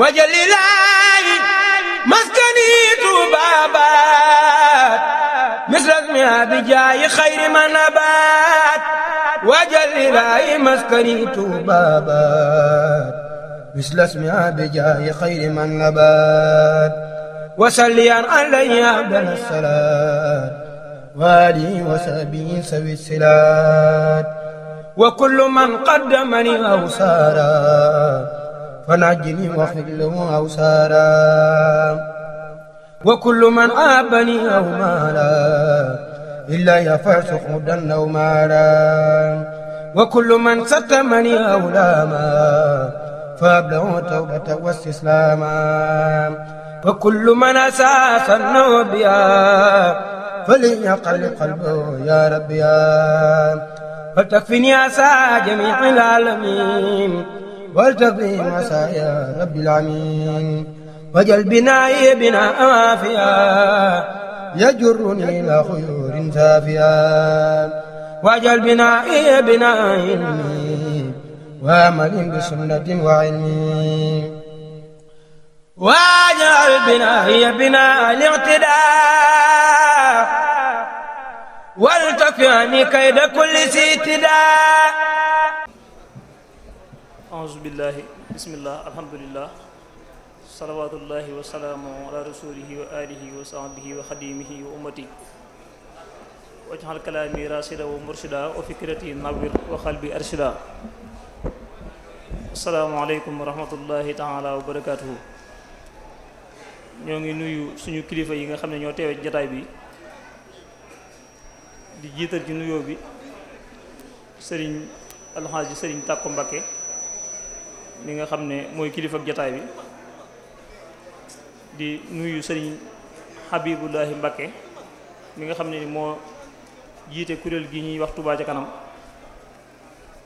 wajalilaayi maskani Tuubaa baat misras mi abijaayi xayri ma nabaat wajalilaayi maskani Tuubaa baat misras mi abijaayi xayri ma nabaat wasalliyan alayhi abdal salaat waalihi wa sahbihi sawi silaat wa kullu man qaddamani aw saara فنجني واخفض له أوسارا وكل من عابني أو مالا إلا يفرس خدا أو مالا وكل من ستمني أو لاما فأبلغ توبة واستسلاما وكل من أساس النوبيا فليقل قلبه يا ربي فلتكفني أسى جميع العالمين والتقي مساء يا رب العالمين وجل بنائي بنا أوافيا يجرني إلى خيور سافيا وجل بنائي بناء علمي وامل بسنة وعلمي واجعل بنائي بناء الاعتداء والتفعني كيد كل سيتداء auzu billahi bismillah alhamdulillah salawatullahi wa salaamu ala wa alihi wa sahbihi wa xadimihi wa ummati wajxal kalaami rasida wa murshida wa fikrati nawir wa xalbi arshida asalaamu aleykum wa rahmatullahi taala wa barakatuhu ñoo ngi nuyu suñu kilifa yi nga xam ne ñoo teewe jataay bi di jiital ci nuyoo bi sëriñ alxaaji sëriñ tàkko mbakke mi nga xam ne mooy kilifa ak jataay bi di nuyu sëriñ Habibullahi Mbakke mi nga xam ne ni moo jiite kuréel gi ñuy wax Touba ca kanam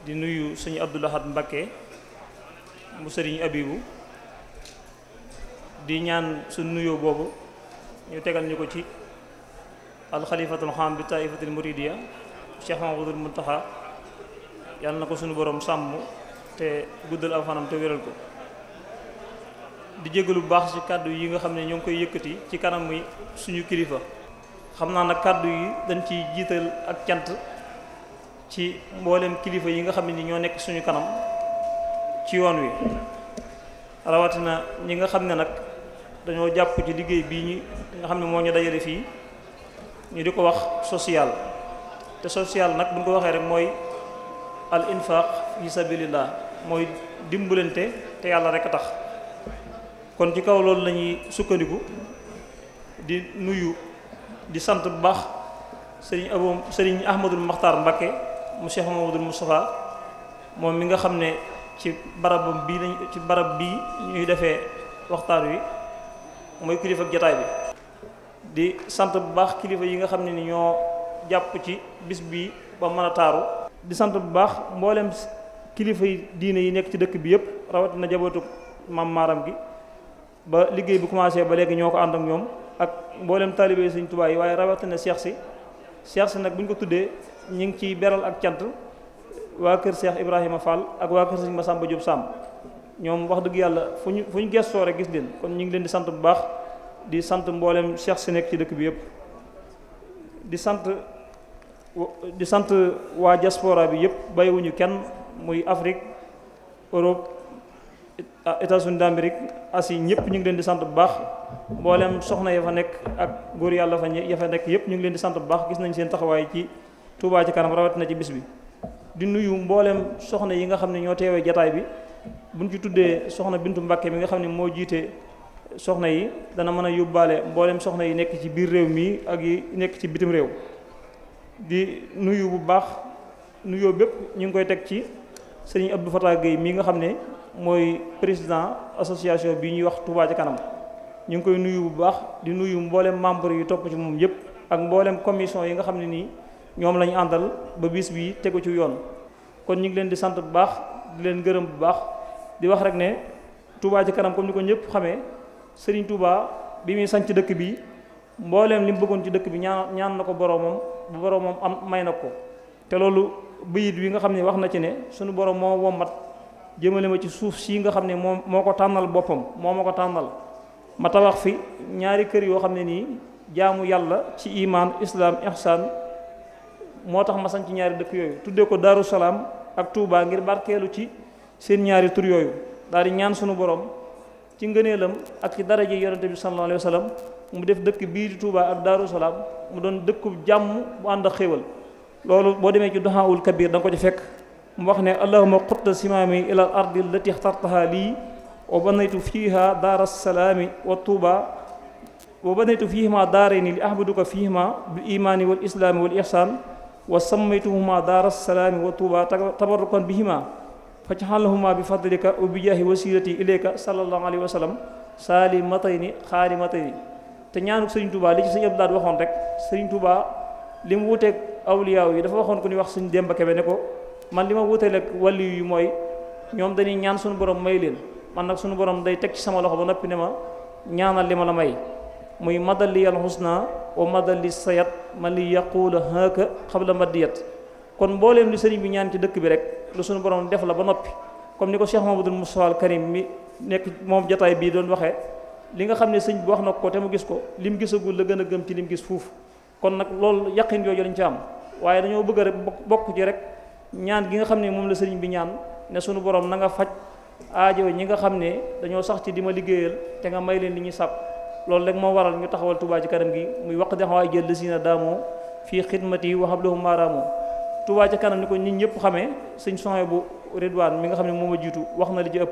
di nuyu sëriñ Abdou Lahad Mbakke mu sëriñ Abibu di ñaan su nuyoo boobu ñu tegal ñu ko ci alxalifatul xam bi taifatil muridiya Cheikh Mahmadul Muntaxa yàlla na ko suñu boroom sàmm te guddal aw fanam te wéral ko di jégalu lu baax ci kàddu yi nga xam ne ñoo ngi koy yëkkati ci kanam suñu kilifa xam naa nag kàddu yi dañ ciy jiital ak cant ci mboolem kilifa yi nga xam ne ni ñoo nekk suñu kanam ci yoon wi rawatina ñi nga xam ne nag dañoo jàpp ci liggéey bii ñi nga xam ne moo ñu dajale fii ñu di ko wax social te social nag bu ko waxee rek mooy al infaq fi sabilillah mooy dimbalante te yàlla rek a tax kon ci kaw loolu lañuy sukkandiku di nuyu di sant bu baax sëriñ Abou sëriñ Ahmadul maxtar Mbakke mu Cheikh Mamadul Moustapha moom mi nga xam ne ci barabam bii ci barab bii ñuy defee waxtaan wi mooy kilifa ak jataay bi di sant bu baax kilifa yi nga xam ne ni ñoo jàpp ci bis bii ba mën a taaru di sant bu baax mboolem kilifa yi diine yi nekk ci dëkk bi yëpp rawatina jabootu maam maaram gi ba liggéey bi commencé ba léegi ñoo ko ànd ak ñoom ak mboolem taalibe sëñ Tuubaa yi waaye rawatina Cheikh si Cheikh si nag bu ñu ko tuddee ñu ngi ciy beral ak cant waa kër Cheikh Ibrahima Fall ak waa kër sëñ Massamba Diop Samb ñoom wax dëgg yàlla fu ñu fu ñu gëstoo rek gis leen kon ñu ngi leen di sant bu baax di sant mbooleem Cheikh si nekk ci dëkk bi yëpp di sant di sant waa jaspooraa bi yëpp bàyyiwuñu muy Afrique Europe États-Unis d'Amérique Asie ñëpp ñu ngi leen di sant bu baax mboolem soxna ya fa nekk ak góor yàlla fa ya fa nekk yëpp ñu ngi leen di sant bu baax gis nañ seen taxawaay ci Touba ci kanam rawatina ci bis bi. di nuyu mbooleem soxna yi nga xam ne ñoo teewee jataay bi buñ ci tuddee soxna Bintu Mbàkke mi nga xam ne moo jiite soxna yi dana mën a yóbbaale mbooleem soxna yi nekk ci biir réew mi ak yi nekk ci bitim réew di nuyu bu baax nuyoo bépp ñu ngi koy teg ci. sëriñ Abdou Fatah Gueye mii nga xam ne mooy président association bi ñuy wax Touba ca kanam ñu ngi koy nuyu bu baax di nuyu mboolem membre yi topp ci moom yëpp ak mboolem commission yi nga xam ne nii ñoom la ñu àndal ba bis bi tegu ci yoon. kon ñu ngi leen di sant bu baax di leen gërëm bu baax di wax rek ne Touba ca kanam comme ni ko ñëpp xamee sëriñ Touba bi muy sanc dëkk bi mbooleem li mu ci dëkk bi ñaan ñaan na ko boromam bu boromam am may na ko bayit bi nga xam ne wax na ci ne sunu borom moo wommat jëmale ma ci suuf sii nga xam ne moom moo ko tànnal boppam moo ma ko tànnal ma tabax fi ñaari kër yoo xam ne nii jaamu yàlla ci imaan islaam ihsaan moo tax ma sanc ñaari dëkk yooyu tuddee ko Daaru Salaam ak tuubaa ngir barkeelu ci seen ñaari tur yooyu daal di ñaan sunu borom ci ngëneelam ak ci daraje yonente bi sallallahu alayhi wa mu def dëkk bii di ak Daaru Salaam mu doon dëkku jàmm bu ànd ak xéewal loolu boo demee ci doxaawul kabir da nga ko ci fekk mu wax ne allahuma xutta simaami ila ardi allati ixtartaha wa banaytu fiiha daara salaami wa tuuba wa banaytu fiihima daarayni li wa sammaytuhuma daara salaami wa tuuba tabarukan bihima bi fadlika wa bijaahi wasilati ilayka sallallahu saali matayni xaali matayni te ñaanu Sëriñ Tuuba li ci Sëriñ Tuuba li mu wuuteeg awliyaaw yi dafa waxoon ku ñuy wax suñu Demba Kebe ne ko man li ma wute wuuteeg wàlliyu yi mooy ñoom dañuy ñaan suñu borom may leen man nag suñu borom day teg ci sama loxo ba noppi ne ma ñaanal li ma la may muy madali alxusna wa madali sayat man li yaquula haaka xabla madiyat kon mbooleem lu sëriñ bi ñaan ci dëkk bi rek lu suñu borom def la ba noppi comme ni ko Cheikh Mamadou mu al Karim mi nekk moom jataay bii doon waxee li nga xam ne sëñ wax na ko te mu gis ko lim gisagul la gën a gëm ci lim gis fuuf kon nag loolu yaqin yooyu lañ ci am waaye dañoo bëgg rek bokk ci rek ñaan gi nga xam ne moom la sëriñ bi ñaan ne suñu borom na nga faj aajo ñi nga xam ne dañoo sax ci di ma liggéeyal te nga may leen li ñuy sàpp loolu rek moo waral ñu taxawal tubaa ci kanam gi muy waq di xawaay jël lësina daamoo fii xidmati wa hablahum maaraamoo Touba ci kanam ni ko nit ñëpp xamee sëñ soxna bu Ridwaan mi nga xam ne moom a jiitu wax na li ci ëpp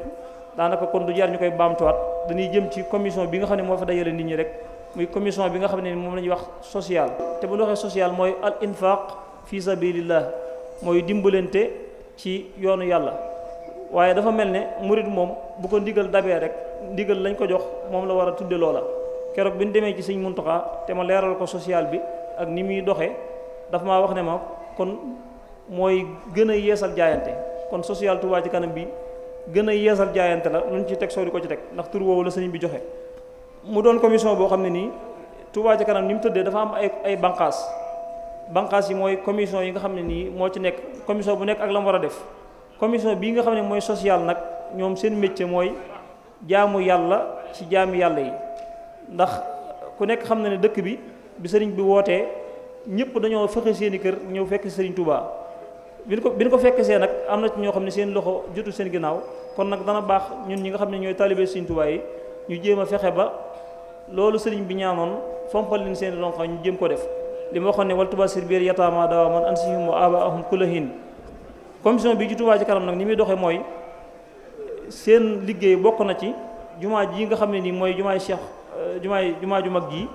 daanaka kon du jar ñu koy baamtuwaat dañuy jëm ci commission bi nga xam ne moo fa dajalee nit ñi rek muy commission bi nga xam ne moom la ñuy wax social te bu ñu waxee social mooy al infaq fi sabilillah mooy dimbalante ci yoonu yàlla waaye dafa mel ne murit moom bu ko ndigal dabee rek ndigal lañ ko jox moom la war a tudde loola keroog bi ñu demee ci sëñ Muntaxa te ma leeral ko social bi ak ni muy doxee dafa ma wax ne ma kon mooy gën a yeesal jaayante kon social Touba ci kanam bi gën a yeesal jaayante la luñ ci teg soo di ko ci teg ndax tur la sëñ bi joxe mu doon commission boo xam ne nii Touba ca kanam ni mu tëddee dafa am ay ay banqaas banqaas yi mooy commission yi nga xam ne nii moo ci nekk commission bu nekk ak la mu war a def commission bii nga xam ne mooy social nag ñoom seen métier mooy jaamu yàlla ci jaami yàlla yi ndax ku nekk xam na ne dëkk bi bi sëriñ bi wootee ñëpp dañoo fexe seeni kër ñëw fekk sëriñ Touba. bi ko bi ñu ko fekk see nag am na ci ñoo xam ne seen loxo jotu seen ginnaaw kon nag dana baax ñun ñi nga xam ne ñooy taalibe sëriñ ñu jéem a fexe ba loolu sëriñ bi ñaanoon fompal leen seen ronqañ ñu jéem ko def li ma waxoon ne wal tubasir biir yataama daawa man ansihum wa abaahum kulahin commission bi ci Touba ci kanam nag ni muy doxee mooy liggéey bokk na ci jumaa ji nga xam ne nii mooy jumaay cheikh euh, jumaay jumaa ju mag ji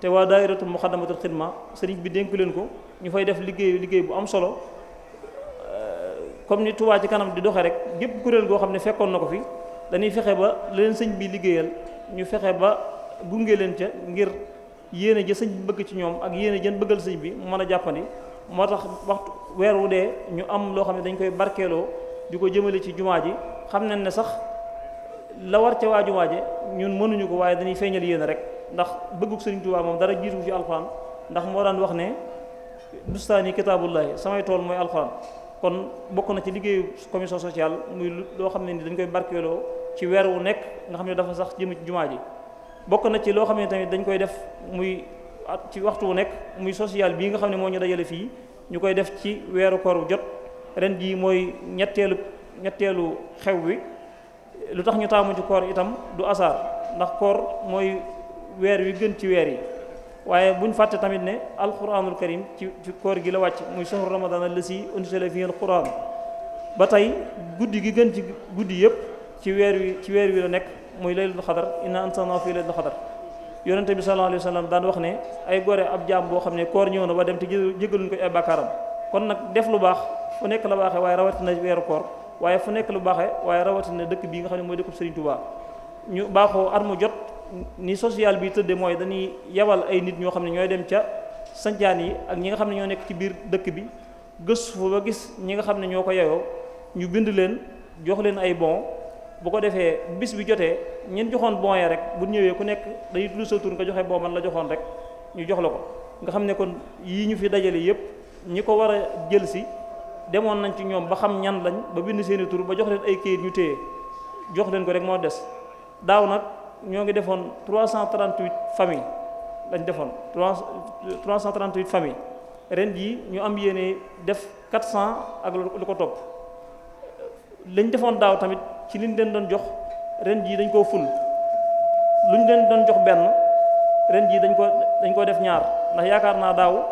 te waa daayiratul muxaddamatul xidma sëriñ bi dénk leen ko ñu fay def liggéey liggéey bu am solo euh, comme ni Touba ci kanam di doxee rek gépp kuréel goo xam ne fekkoon na ko fi dañuy fexe ba leen sëñ bi liggéeyal ñu fexe ba gunge leen ca ngir yéene ja sëñ bi bëgg ci ñoom ak yéene jën bëggal sëñ bi mën a jàppandi moo tax waxtu weer wu dee ñu am loo xam ne dañ koy barkeeloo di ko jëmale ci jumaa ji xam nañ ne sax la war ca ñun mënuñu ko waaye dañuy feeñal yéene rek ndax bëgguk sëriñ Tuubaa moom dara jiitu ci alxuraan ndax moo daan wax ne bustaani kitaabullaahi samay tool mooy alxuraan kon bokk na ci liggéeyu commission sociale muy loo xam ne ni dañ koy barkeeloo ci weer wu nekk nga xam ne dafa sax jëm ci jumaa ji bokk na ci loo xam ne tamit dañ koy def muy at ci waxtu wu nekk muy social bii nga xam ne moo ñu dajale fii ñu koy def ci weeru koor jot ren jii mooy ñetteelu ñetteelu xew wi lu tax ñu taamu ci koor itam du asaar ndax koor mooy weer wi gën ci weer yi waaye buñ fàtte tamit ne alquranul karim ci ci koor gi la wàcc muy shahru ramadan allasi unzila fihi alquran ba tey guddi gi gën ci guddi yëpp ci weer wi ci weer wi la nekk muy laylatul xadar inna anzalnaahu fii laylatul xadar yonente bi sallallahu alayhi wa sallam daan wax ne ay gore ab jaam boo xam ne koor ñëw na ba dem te jégaluñ ko ay bàkkaaram kon nag def lu baax fu nekk la baaxe waaye rawatina weeru koor waaye fu nekk lu baaxee waaye rawatina dëkk bi nga xam ne mooy dëkkub Serigne Touba ñu baaxoo at jot ni social bi tëddee mooy dañuy yebal ay nit ñoo xam ne ñooy dem ca sancaan yi ak ñi nga xam ne ñoo nekk ci biir dëkk bi gëstu fa ba gis ñi nga xam ne ñoo ko yeyoo ñu bind leen jox leen ay bon bu ko defee bis bi jotee ñeen joxoon bon ya rek bu ñëwee ku nekk dañuy tudd sa tur nga joxe boo man la joxoon rek ñu jox la ko nga xam ne kon yii ñu fi dajale yëpp ñi ko war a jël si demoon nañ ci ñoom ba xam ñan lañ ba bind seeni tur ba jox leen ay kayit ñu téye jox leen ko rek moo des daaw nag ñoo ngi defoon cent 338 famille lañ defoon cent 338 famille ren jii ñu am yéene def cent ak lu ko topp lañ defoon daaw tamit ci liñ leen doon jox ren jii dañ koo ful luñ leen doon jox benn ren jii dañ ko dañ koo def ñaar ndax yaakaar naa daaw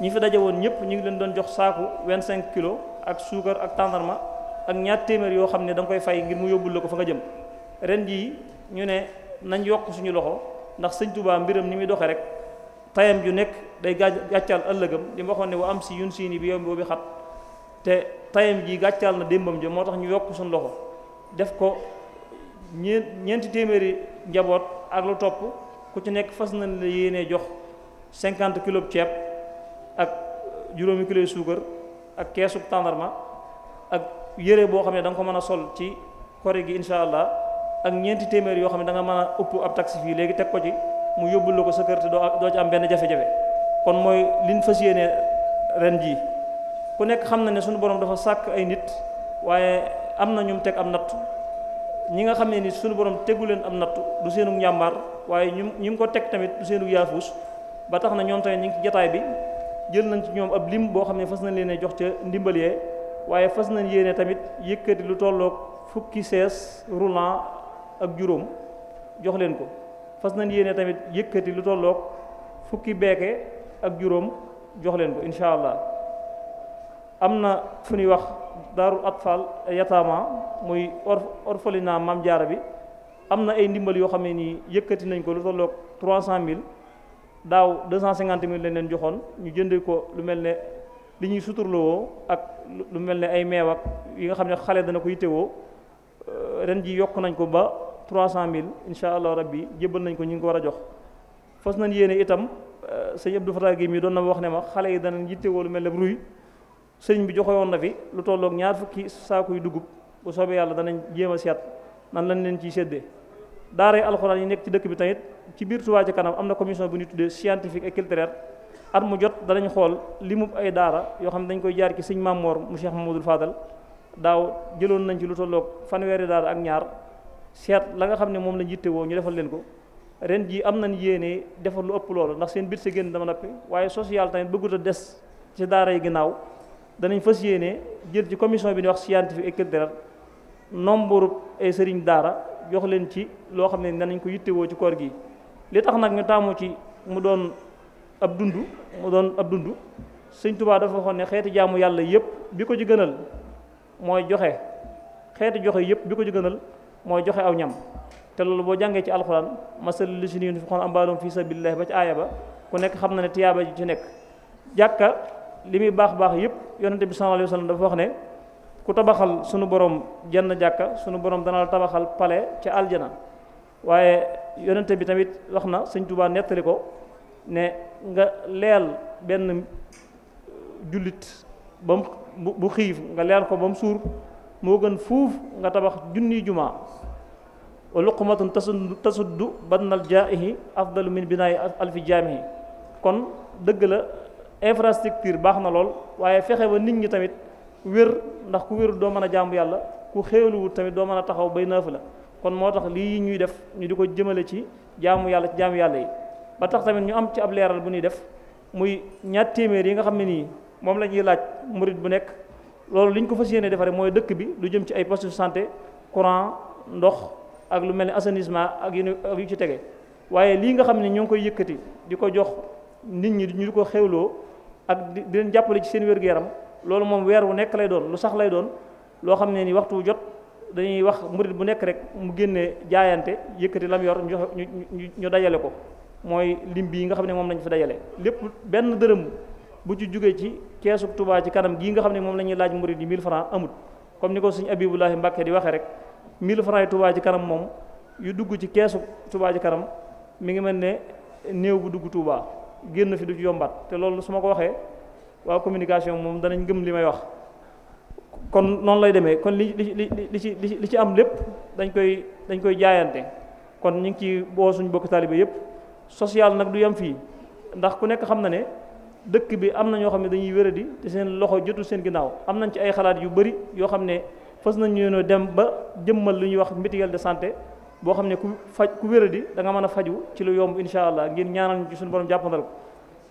ñi fi daje woon ñëpp ñu ngi leen doon jox saaku 25 kilos ak suukar ak tàndarma ak ñaar téeméer yoo xam ne danga koy fay ngir mu yóbbul la ko fa nga jëm ren jii ñu ne nañ yokk suñu loxo ndax sëñ Tuubaa mbiram ni muy doxee rek tayam ju nekk day gàccaal ëllëgam di ma waxoon ne wa am si yun siini bi yow boobu xat te tayam ji gàccaal na démbam ji moo tax ñu yokk suñu loxo def ko ñeent ñeenti téeméeri njaboot ak lu topp ku ci nekk fas nañ la yéenee jox cinquante kilos ceeb ak juróomi kilo suukar ak keesu tàndarma ak yére boo xam ne danga ko mën a sol ci kori gi incha allah ak ñeenti téeméer yoo xam ne da nga mën a ëpp ab taxi fii léegi teg ko ci mu yóbbul la ko sa kër te doo ci am benn jafe-jafe kon mooy li fas yéenee ren jii ku nekk xam na ne suñu borom dafa sàkk ay nit waaye am na ñum teg am natt ñi nga xam ne ni suñu borom tegu leen am natt du seenu njàmbaar waaye ñu ngi ko teg tamit du seenu yaafuus ba tax na ñoom tamit ñi ngi ci jataay bi jël nañ ci ñoom ab lim boo xam ne fas nañ leen jox ca ndimbal yee waaye fas nañ yéene tamit yëkkati lu tollook fukki sees roulant ak juróom jox leen ko fas nañ yéene tamit yëkkati lu tollook fukki beeke ak juróom jox leen ko incha allah am na fu ñuy wax daarul atfal yataama muy orphelinat Maam Jaara bi am na ay ndimbal yoo xam ne nii yëkkati nañ ko lu tolloog trois cent mille daaw deux cent cinquante mille lañ leen joxoon ñu jënde ko lu mel ne li ñuy suturloo ak lu mel ne ay meew ak yi nga xam ne xale dana ko yittewoo euh, ren ji yokk nañ ko ba trois cent mille incha allah rabbi jébbal nañ ko ñu ngi ko war a jox fas nañ yéene itam euh, sëñ Abdou Fatah gi mi doon na wax ne ma xale yi danañ yittewoo lu mel ne ruy sëñ bi joxe woon na fi lu tolloog ñaar fukki saaku yu dugub bu soobee yàlla danañ jéem a seet nan lañ leen ci séddee daaray alxuraan yi nekk ci dëkk bi tamit ci biir Touba ci kanam am na commission bu ñu tuddee scientifique et culturelle at mu jot danañ xool li mu ay daara yoo xam ne dañ koy jaar ci sëñ Mamoor mu Cheikh Mamadou Fadal daaw jëloon nañ ci lu tolloog fanweeri daara ak ñaar seet la nga xam ne moom lañ woo ñu defal leen ko ren jii am nañ yéene defal lu ëpp loolu seen biir si génn dama nappi waaye social tamit bëggut a des daara yi ginnaaw danañ fas yéene jël ci commission bi ni wax scientifique et culturel nombre ay sëriñ daara jox leen ci loo xam ne danañ ko yittewoo ci koor gi li tax nag ñu taamu ci mu doon ab dund mu doon ab dund sëñ Tuubaa dafa waxoon ne xeeti jaamu yàlla yëpp bi ko ci gënal mooy joxe xeeti joxe yëpp bi ko ci gënal mooy joxe aw ñam te loolu boo jàngee ci alxuraan masal li si nii fi xoon ambaalum fi ba ci aaya ba ku nekk xam na ne tiyaaba ji ci nekk jàkka li muy baax baax yëpp yonente bi sallallahu alayhi wa sallam dafa wax ne ku tabaxal sunu borom jenn jàkka sunu borom dana tabaxal pale ca aljana waaye yonent bi tamit wax na sëñ Tuubaa nettali ko ne nga leel benn jullit ba mu bu xiif nga leel ko ba mu suur moo gën fuuf nga tabax junni jumaa wa luqmatun tasuddu tasuddu badnal jaa'ihi afdalu min binaa'i alfi jaamihi kon dëgg la infrastructure baax na lool waaye fexe ba nit ñi tamit wér ndax ku wér doo mën a jaamu yàlla ku xéewluwut tamit doo mën a taxaw bay naaf la kon moo tax lii ñuy def ñu di ko jëmale ci jaamu yàlla ci jaamu yàlla yi ba tax tamit ñu am ci ab leeral bu ñuy def muy ñaat téeméer yi nga xam ne nii moom la ñuy laaj murit bu nekk loolu liñ ñu ko fas yéene defaree mooy dëkk bi lu jëm ci ay poste de santé courant ndox ak lu mel ni assainissement ak yu ak yu ci tege waaye lii nga xam ne ñoo ngi koy yëkkati di ko jox nit ñi ñu di ko xewloo ak di leen jàppale ci seen wér-gu-yaram loolu moom weer wu nekk lay doon lu sax lay doon loo xam ne ni waxtu wu jot dañuy wax murit bu nekk rek mu génnee jaayante yëkkati lam yor ñu ñu ñu dajale ko mooy lim bii nga xam ne moom lañ fa dajale lépp benn dërëm bu ci jógee ci keesu Touba ci kanam gii nga xam ne moom la ñuy laaj murit yi 1000 francs amut comme ni ko suñu Abibulahi Mbàkke di waxee rek 1000 francs yi Touba ci kanam moom yu dugg ci keesu Touba ci kanam mi ngi mel ne néew bu dugg tuubaa génn fi du ci yombaat te loolu su ma ko waxee waa communication moom danañ gëm li may wax kon noonu lay demee kon li li li ci li ci am lépp dañ koy dañ koy jaayante kon ñu ngi ci boo bokk taalibe yëpp social nag du yem fii ndax ku nekk xam na ne dëkk bi am na ñoo xam ne dañuy wéradi te seen loxo jotul seen ginnaaw am nañ ci ay xalaat yu bari yoo xam ne fës nañ ñoo dem ba jëmmal lu ñuy wax mutuelle de santé boo xam ne ku faj ku wéradi danga mën a faju ci lu yomb incha allah ngir ñaanal ñu ci suñu borom jàppandal ko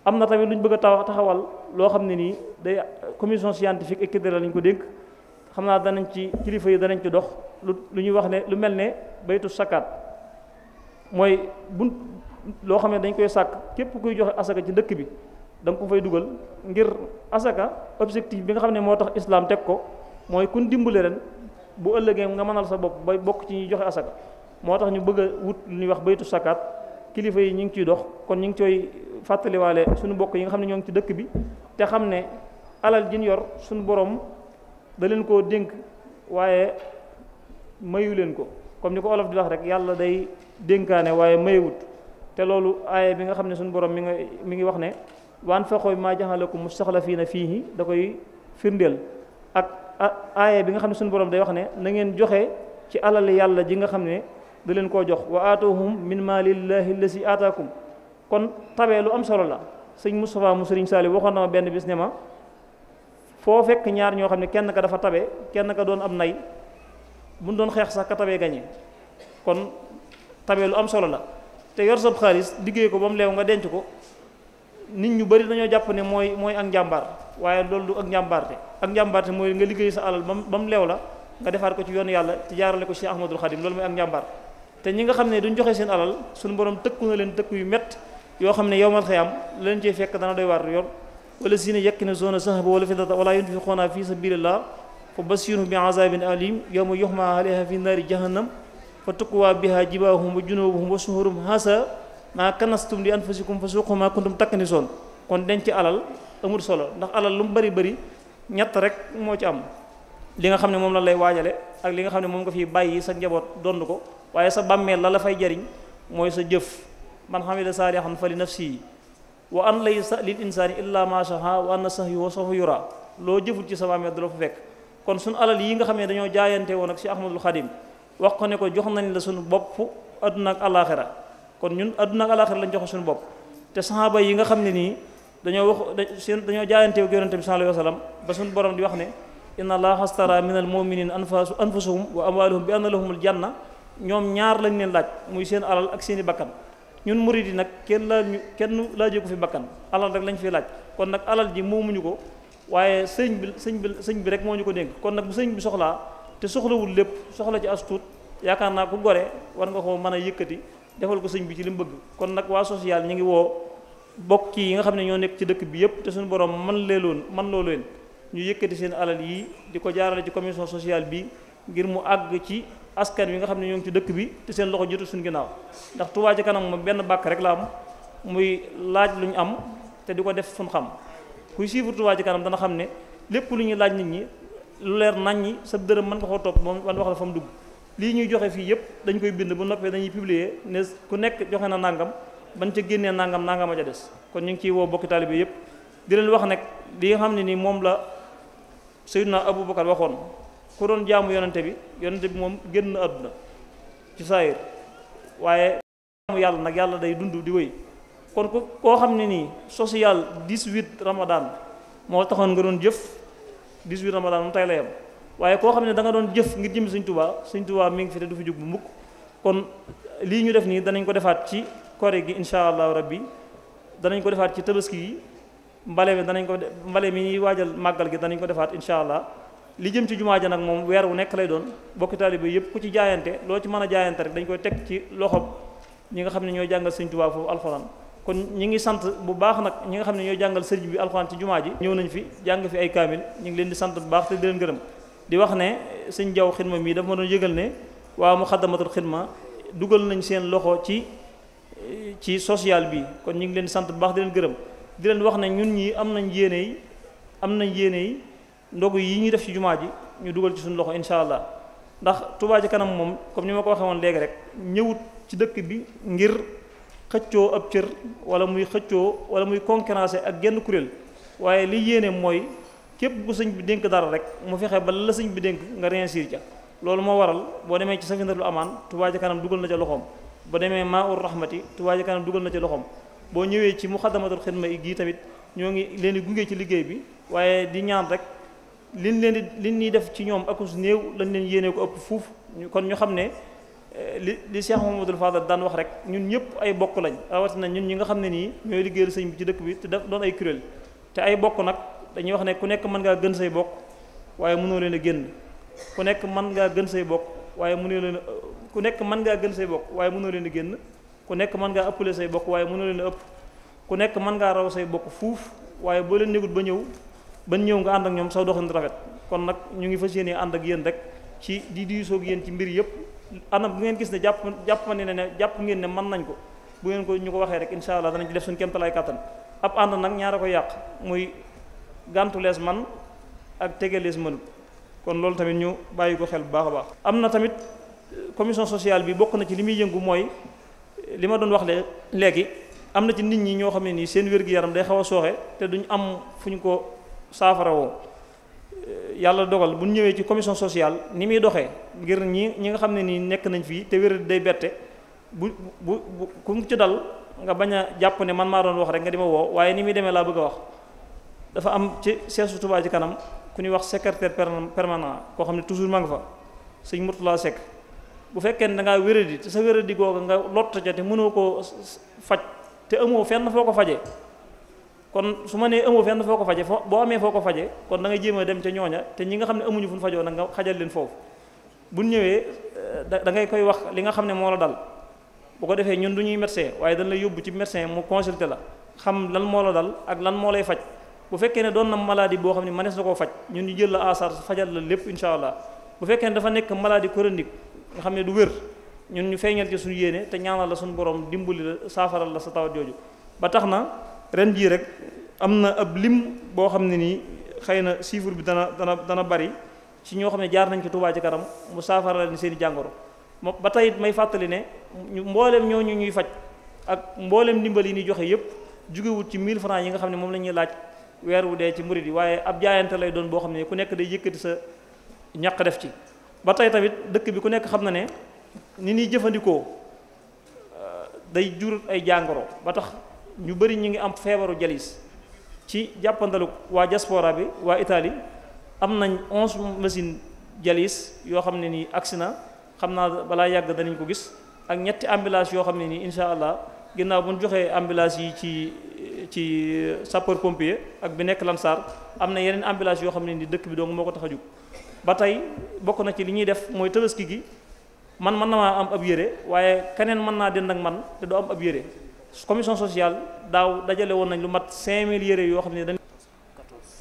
am na tamit lu ñu bëgg a taxawal loo xam ne nii day commission scientifique et la ñu ko dénk xam naa danañ ci kilifa yi danañ ci dox lu lu ñuy wax ne lu mel ne baytu sakkaat mooy bunt loo xam ne dañ koy sàkk képp kuy joxe asaka ci dëkk bi da nga ko fay dugal ngir asaka objectif bi nga xam ne moo tax islaam teg ko mooy kun dimbale ren bu ëllëgee nga mënal sa bopp bay bokk ci ñuy joxe asaka moo tax ñu bëgg a wut lu ñuy wax baytu sakaat kilifa yi ñu ngi ciy dox kon ñu ngi cooy fàttaliwaale suñu mbokk yi nga xam ne ñoo ngi ci dëkk bi te xam ne alal jin yor suñu borom daleen leen koo dénk waaye mayu leen ko comme ni ko olof di wax rek yàlla day dénkaane waaye mayewut te loolu aaya bi nga xam ne suñu borom mi nga mi ngi wax ne waan fexoo fii jaxalakum fii fiihi da koy firndeel ak aaya bi nga xam ne suñu borom day wax ne na ngeen joxe ci alal yàlla ji nga xam ne da leen koo jox wa aatuhum min malillahi allasi aataakum kon tabe lu am solo la sëñ Moustapha mu sëriñ waxoon na benn bis ne ma foo fekk ñaar ñoo xam ne kenn ka dafa tabe kenn ka doon am nay buñ doon xeex sax ka tabee gañe kon tabee lu am solo la te yor sab xaalis liggéey ko ba mu leew nga denc ko nit ñu bari dañoo jàpp ne mooy mooy ak njàmbaar waaye loolu du ak njàmbaarte ak njàmbaarte mooy nga liggéey sa alal ba mu leew la nga defaat ko ci yoonu yàlla jaarale ko Cheikh Ahmadul Xadim loolu mooy ak te ñi nga xam ne duñ joxe seen alal suñu borom tëkku na leen tëkku yu mett yoo xam ne yowmal xiyaam la leen ciy fekk dana doy waar yor wala si ne yekk ne zone sahaba wala fidata wala yunfiquuna fi sabilillah fa basiruhum bi azabin alim yowma yuxma alayha fi naari jahannam fa tukkuwaa biha jibaahum wa junubuhum wa suhurum hasa maa kanastum li anfusikum fa suuqu maa kuntum takkani soon kon denc alal amul solo ndax alal lu mu bari bari ñett rek moo ci am li nga xam ne moom la lay waajale ak li nga xam ne moom nga fi bàyyi sa njaboot donn ko waaye sa bàmmeel la la fay jariñ mooy sa jëf man xamila saalihan fa li nafsi wa an laysa lil insaani illa ma shaha wa anna sahyu sawfa yura loo jëful ci sa bàmmeel du la fa fekk kon suñu alal yi nga xam dañoo jaayante woon ak si ahmadul xadim wax ko ne ko jox nañ la suñu bopp adduna ak alaxira kon ñun adduna ak alaxira lañ jox suñu bopp te saxaaba yi nga xam ne nii dañoo wax seen dañoo jaayante ak yonente bi sallallahu alayhi wasallam ba suñu borom di wax ne inna allaha astara min al muminina anfasu anfusahum wa amwaluhum bi anna lahumul janna ñoom ñaar lañ leen laaj muy seen alal ak seen i bakkan ñun murid yi nag kenn lañu kenn laajee ko fi bakkan alal rek lañ fi laaj kon nag alal ji moomuñu ko waaye sëñ bi sëñ bi sëñ bi rek moo ñu ko dénk kon nag sëñ bi soxlaa te soxlawul lépp soxla ci as yaakaar naa ku gore war nga koo mën a yëkkati defal ko sëñ bi ci lim bëgg kon nag waa social ñu ngi woo bokk yi nga xam ne ñoo nekk ci dëkk bi yëpp te suñu borom man leeloon man loolu leen ñu yëkkati seen alal yi di ko jaarale ci commission sociale bi ngir mu àgg ci askan wi nga xam ne ñoo ngi ci dëkk bi te seen loxo jotu suñu ginnaaw ndax Tuubaa ci kanam moom benn bàkk rek la am muy laaj lu ñu am te di ko def suñu xam kuy suivre Tuubaa ci kanam dana xam ne lépp lu ñuy laaj nit ñi lu leer nañ ñi sa dërëm mën nga koo topp moom man wax la fa dugg lii ñuy joxe fii yëpp dañ koy bind bu noppee dañuy publier ne ku nekk joxe na nangam ban ca génnee nangam nangam a ca des kon ñu ngi ciy woo bokki taalibe yëpp moom la Seydina Aboubacar waxoon ku doon jaamu yonente bi yonente bi moom génn àdduna ci saayir waaye jaamu yàlla nag yàlla day dund di wéy kon ko koo xam ne nii social 18 Ramadan moo taxoon nga doon jëf 18 Ramadan mu tey la yem waaye koo xam ne da nga doon jëf ngir jëm Sëñ Tuubaa Sëñ Tuubaa mi ngi fi te du fi jóg bu mukk kon lii ñu def nii danañ ko defaat ci kore gi incha allahu rabbi danañ ko defaat ci tabaski yi mbale bi danañ ko mbale mi ñuy waajal màggal gi danañ ko defaat incha allah li jëm ci jumaa ja nag moom weer wu nekk lay doon bokki taalibe yëpp ku ci jaayante loo ci mën a jaayante rek dañ koy teg ci loxob ñi nga xam ne ñoo jàngal sëñ Tuubaa foofu alxuraan kon ñi ngi sant bu baax nag ñi nga xam ne ñoo jàngal sëriñ bi alxuraan ci jumaa ji ñëw nañ fi jàng fi ay kaamil ñu ngi leen di sant bu baax te gërëm di wax ne sëñ jaw xidma mii dafa ma doon yëgal ne waa muxaddamatul xidma dugal nañ seen loxo ci ci social bi kon ñu ngi leen sant bu baax di gërëm di leen wax ne ñun ñi am nañ jéene yi am nañ yéene yi ndogu yi ñuy def ci jumaa ji ñu dugal ci suñu loxo incha allah ndax Touba Kanam moom comme ni ma ko waxee woon rek ñëwut ci dëkk bi ngir xëccoo ab cër wala muy xëccoo wala muy concurrence ak genn kuréel waaye li yéene mooy képp ku sëñ bi dénk dara rek mu fexe ba la sëñ bi dénk nga réussir ca loolu moo waral boo demee ci Safinatul Amaan Touba Ca Kanam dugal na ca loxoom boo demee Maa ur Rahmati Touba Ca Kanam dugal na ca loxoom boo ñëwee ci muxaddamatul may gii tamit ñoo ngi leen gunge ci liggéey bi waaye di ñaan rek liñ leen di li ñuy def ci ñoom akus néew lañ leen yéene ko ëpp fuuf kon ñu xam ne eh, li li Cheikh Mamadou Fadal daan wax rek ñun ñëpp ay bokk lañ rawatina ñun ñi nga xam ne nii ñooy liggéeyal sëñ bi ci dëkk bi te daf doon ay kuréel te ay bokk nag dañuy wax ne ku nekk mën ngaa gën say bokk waaye mënoo leen a génn ku nekk mën ngaa gën say bokk waaye mënoo leen ku nekk mën ngaa gën say bokk waaye mënoo leen a génn ku nekk mën ngaa ëppale say bokk waaye mënu leen a ëpp ku nekk mën ngaa raw say bokk fuuf waaye boo leen négut ba ñëw ba ñëw nga ànd ak ñoom saw doxin rafet kon nag ñu ngi fa yéenee ànd ak yéen rek ci di diisoog yéen ci mbir yëpp anam bu ngeen gis ne jàpp jàpp ne ne jàpp ngeen ne mën nañ ko bu ngeen ko ñu ko waxee rek incha allah danañ ci def suñu kéemtalaay kàttan ab ànd nag ñaara ko yàq muy gàntu lees man ak tege lees mënut kon loolu tamit ñu bàyyi ko xel bu baax a baax. am na tamit commission sociale bi bokk na ci li muy yëngu mooy li ma doon wax le léegi am na ci nit ñi ñoo xam ne nii seen wér-gu-yaram day xaw a sooxe te duñ am fu ñu ko saafara woo euh, yàlla dogal bu ñëwee ci commission sociale ni muy doxee ngir ñi ñi nga xam ne nii nekk nañ fii te wér day bette bu bu bu ku ci dal nga bañ a jàpp ne man maa doon wax rek nga di ma woo waaye ni muy demee laa bëgg a wax dafa am ci seesu Touba ci kanam ku ñuy wax secrétaire permanent koo xam ne toujours ma nga fa sëñ Mourtala Seck bu fekkee ne da ngaa wéradi te sa wéradi googa nga lott ja te mënoo koo faj te amoo fenn foo ko faje kon su ma nee amoo fenn foo ko faje foo boo amee foo ko faje kon da ngay jéem dem ca ñooña te ñi nga xam ne amuñu fu ñu fajoo nag nga xajal leen foofu bu ñëwee eh, da ngay koy wax li nga xam ne moo la dal bu ko defee ñun du ñuy médecin waaye dañ lay yóbbu ci médecin mu consulter la xam lan moo la dal ak lan moo lay faj bu fekkee ne doon na maladie boo xam ne mënees na koo faj ñun ñu jël la asar fajal la lépp incha allah bu fekkee dafa nekk maladie chronique nga xam ne du wér ñun ñu feeñal ci suñu yéene te ñaanal la suñu borom dimbali la saafaral la sa tawat jooju ba tax na ren jii rek am na ab lim boo xam ne nii xëy na chiffre bi dana dana dana bari ci ñoo xam ne jaar nañ ci Touba ci kanam mu saafaral ni seen i jàngoro moom ba tey may fàttali ne ñu mbooleem ñu ñuy faj ak mbooleem ndimbal yi ñuy joxe yépp jugewut ci 1000 francs yi nga xam ne moom la ñuy laaj weer wu dee ci murid waaye ab jaayante lay doon boo xam ne ku nekk day yëkkati sa ñaq def ci ba tey tamit dëkk bi ku nekk xam na ne ni ñuy jëfandikoo euh, day jur ay jàngoro ba tax ñu bari ñu ngi am feebaru jalis ci jàppandalu waa diaspora bi waa itali am nañ onze machine jalis yoo xam ne nii agsi na xam naa balaa yàgg danañ ko gis ak ñetti ambulance yoo xam ne nii incha allah ginnaaw bu ñu joxee ambulance yi ci ci sapeur pompier ak bi nekk Lansar am na yeneen ambulance yoo xam ne ni dëkk bi dong moo ko tax a jug ba tey bokk na ci li ñuy def mooy tabaski gi man mën na maa am ab yére waaye keneen mën naa dend ak man te du am ab yére commission sociale daaw dajale woon nañ lu mat 5000 yére yoo xam ne dañ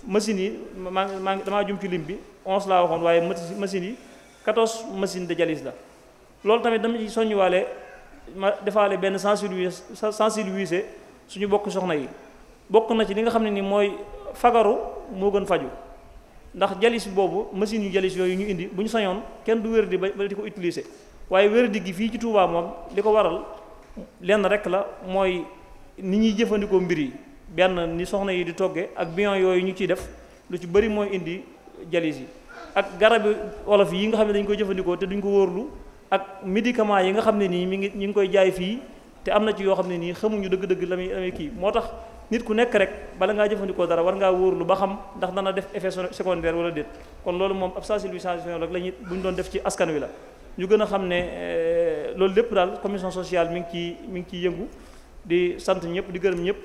machines yi maa maa ngi damaa jum ci lim bi 11 laa waxoon waaye machine yi 14 machine de dialyse la loolu tamit dama ci soññiwaale ma defaale benn sensibiliser suñu bokk soxna yi bokk na ci li nga xam ne ni mooy fagaru moo gën faju ndax jalis boobu machine yu jalis yooyu ñu indi bu ñu sañoon kenn du wér wéradi ba di ko utiliser waaye wéradi gi fii ci Touba moom li ko waral lenn rek la mooy ni ñuy jëfandikoo mbir yi benn ni soxna yi di toggee ak bion yooyu ñu ciy def lu ci bëri mooy indi jalis yi ak garabi wolof yi nga xam ne dañ koy jëfandikoo te duñ ko wóorlu ak médicament yi nga xam ne nii mi ngi ñu ngi koy jaay fii te am na ci yoo xam ne nii xamuñu dëgg-dëgg la muy amee kii moo tax nit ku nekk rek bala ngaa jëfandikoo dara war ngaa wóorlu ba xam ndax dana def effet secondaire wala déet kon loolu moom ab sensibilisation rek la ñuy bu ñu doon def ci askan wi la ñu gën a xam ne euh, loolu lépp daal commission sociale mi ngi ciy mi ngi ciy yëngu di sant ñëpp di gërëm ñëpp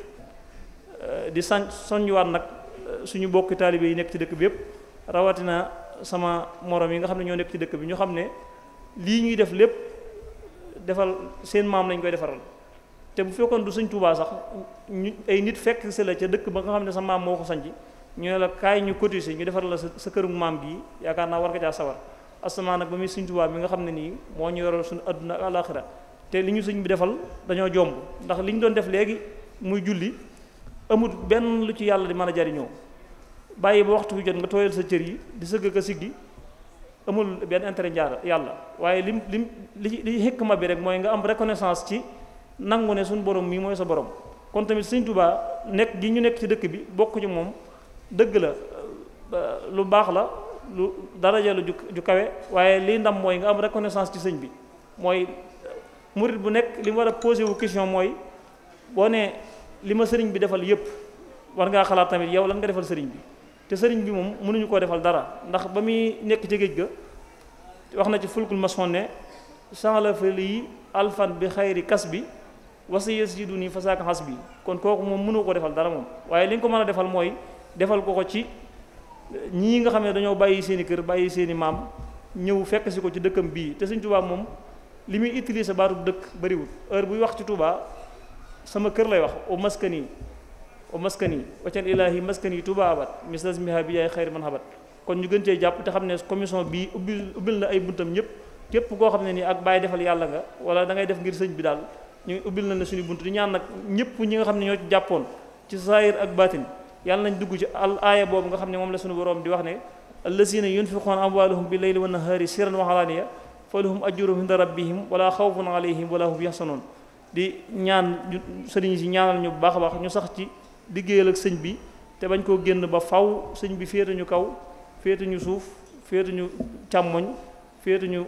euh, di sañ soññuwaat nag euh, suñu bokki taalibe yi nekk ci dëkk bi yëpp rawatina sama morom yi nga xam ne ñoo nekk ci dëkk bi ñu xam ne lii ñuy def lépp defal seen maam lañ koy defaral te bu fekkoon du sëñ Tuubaa sax ñu ay nit fekk si la ca dëkk ba nga xam ne sa maam moo ko ji ñu ne la kaay ñu cotiser ñu defar la sa këru maam gi yaakaar naa war nga caa sawar asamaan nag ba muy sëñ Tuubaa mi nga xam ne nii moo ñu yoral suñu adduna ak alaxira te li ñu suñ bi defal dañoo jomb ndax li ñu doon def léegi muy julli amut benn lu ci yàlla di mën a jariñoo bàyyi ba waxtu bi jot nga tooyal sa cër yi di sëgg ka siggi amul benn intérêt njaar yàlla waaye lim lim li li xikma bi rek mooy nga am reconnaissance ci nangu ne suñu borom mii mooy sa borom kon tamit sëñ Tuubaa nekk gi ñu nekk ci dëkk bi bokkuñu moom dëgg la euh, lu baax la lu daraja la ju ju kawe waaye liy ndam mooy nga am reconnaissance ci sëñ bi mooy euh, murit bu nekk li war a posé wu mooy boo nee li ma sëriñ bi defal yépp war ngaa xalaat tamit yow lan nga defal sëriñ bi te sëriñ bi moom mënuñu koo defal dara ndax ba muy nekk ci géej ga wax na ci fulkul mason ne sanlafali alfan bi xayri kas bi wasa yaziduni fasaaka hasbi kon kooku moom mënoo ko defal dara moom waaye li nga ko mën a defal mooy defal ko ko ci eh, ñii nga xam ne dañoo bàyyi seeni kër bàyyi seeni maam ñëw fekk si ko ci dëkkam bii te sëñ Tuubaa moom li muy utiliser baatu dëkk bariwul heure buy wax ci Tuubaa sama kër lay wax o maskani o maskani waccan ilaahi maskani Tuubaa abat mislas miha bi yaay xayri man habat kon ñu gën cee jàpp te xam ne commission bii ubbil ubbil na ay buntam ñëpp képp koo xam ne nii ak bàyyi defal yàlla nga wala da ngay def ngir sëñ bi daal ñu ubbil nañ la suñu bunt di ñaan nag ñëpp ñi nga xam ne ñoo ci jàppoon ci zahir ak batin yàlla nañ dugg ci al aaya boobu nga xam ne moom la suñu woroom di wax ne allazina yunfiquuna amwaalahum bi leyli wa nahaari sirran wa bi falahum ajruhum xaw rabbihim wala xawfun alayhim wala hum noon di ñaan sëriñ si ñaanal ñu bu baax baax ñu sax ci liggéeyal ak sëñ bi te bañ koo génn ba faw sëñ bi féete ñu kaw féete ñu suuf féete ñu càmmoñ féete ñu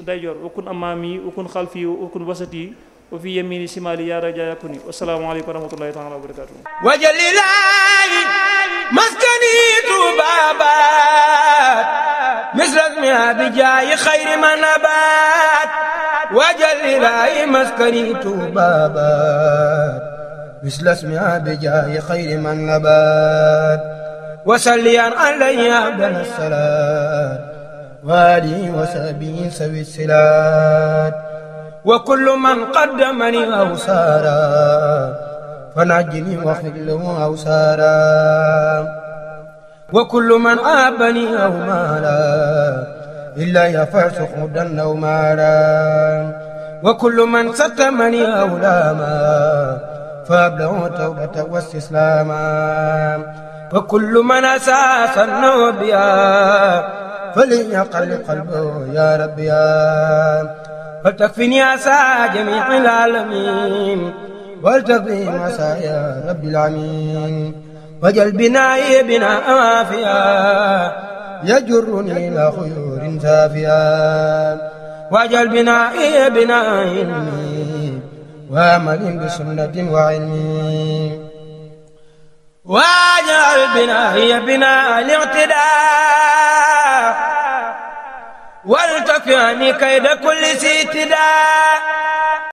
dayjoor wakun amaami wakun xalfi wakun wasati وفي يميني شمالي يا رجاء يكوني والسلام عليكم ورحمة الله تعالى وبركاته وجل الله مسكني طبابا مصر اسمها بجاي خير ما نبات وجل الله مسكني طبابا مثل اسمها بجاي خير من نبات وسليا علي عبد الصلاة وآله وصحبه سوي الصلات وكل من قدمني أوسارا فنجني وخله أوسارا وكل من آبني أو مالا إلا يفرس خدا أو مالا وكل من ستمني أو لاما فأبلغ توبة واستسلاما وكل من أساس النوبيا فليقل قلبه يا ربي يا وتكفني أسى جميع العالمين والتقي مسايا رب العالمين وجل بنائي بناء وافيا يجرني إلى خيور سافيا وجل بنائي بناء علمي وامل بسنة وعلمي واجعل بنائي بناء الاعتدال wal takfi anni kayda kulli si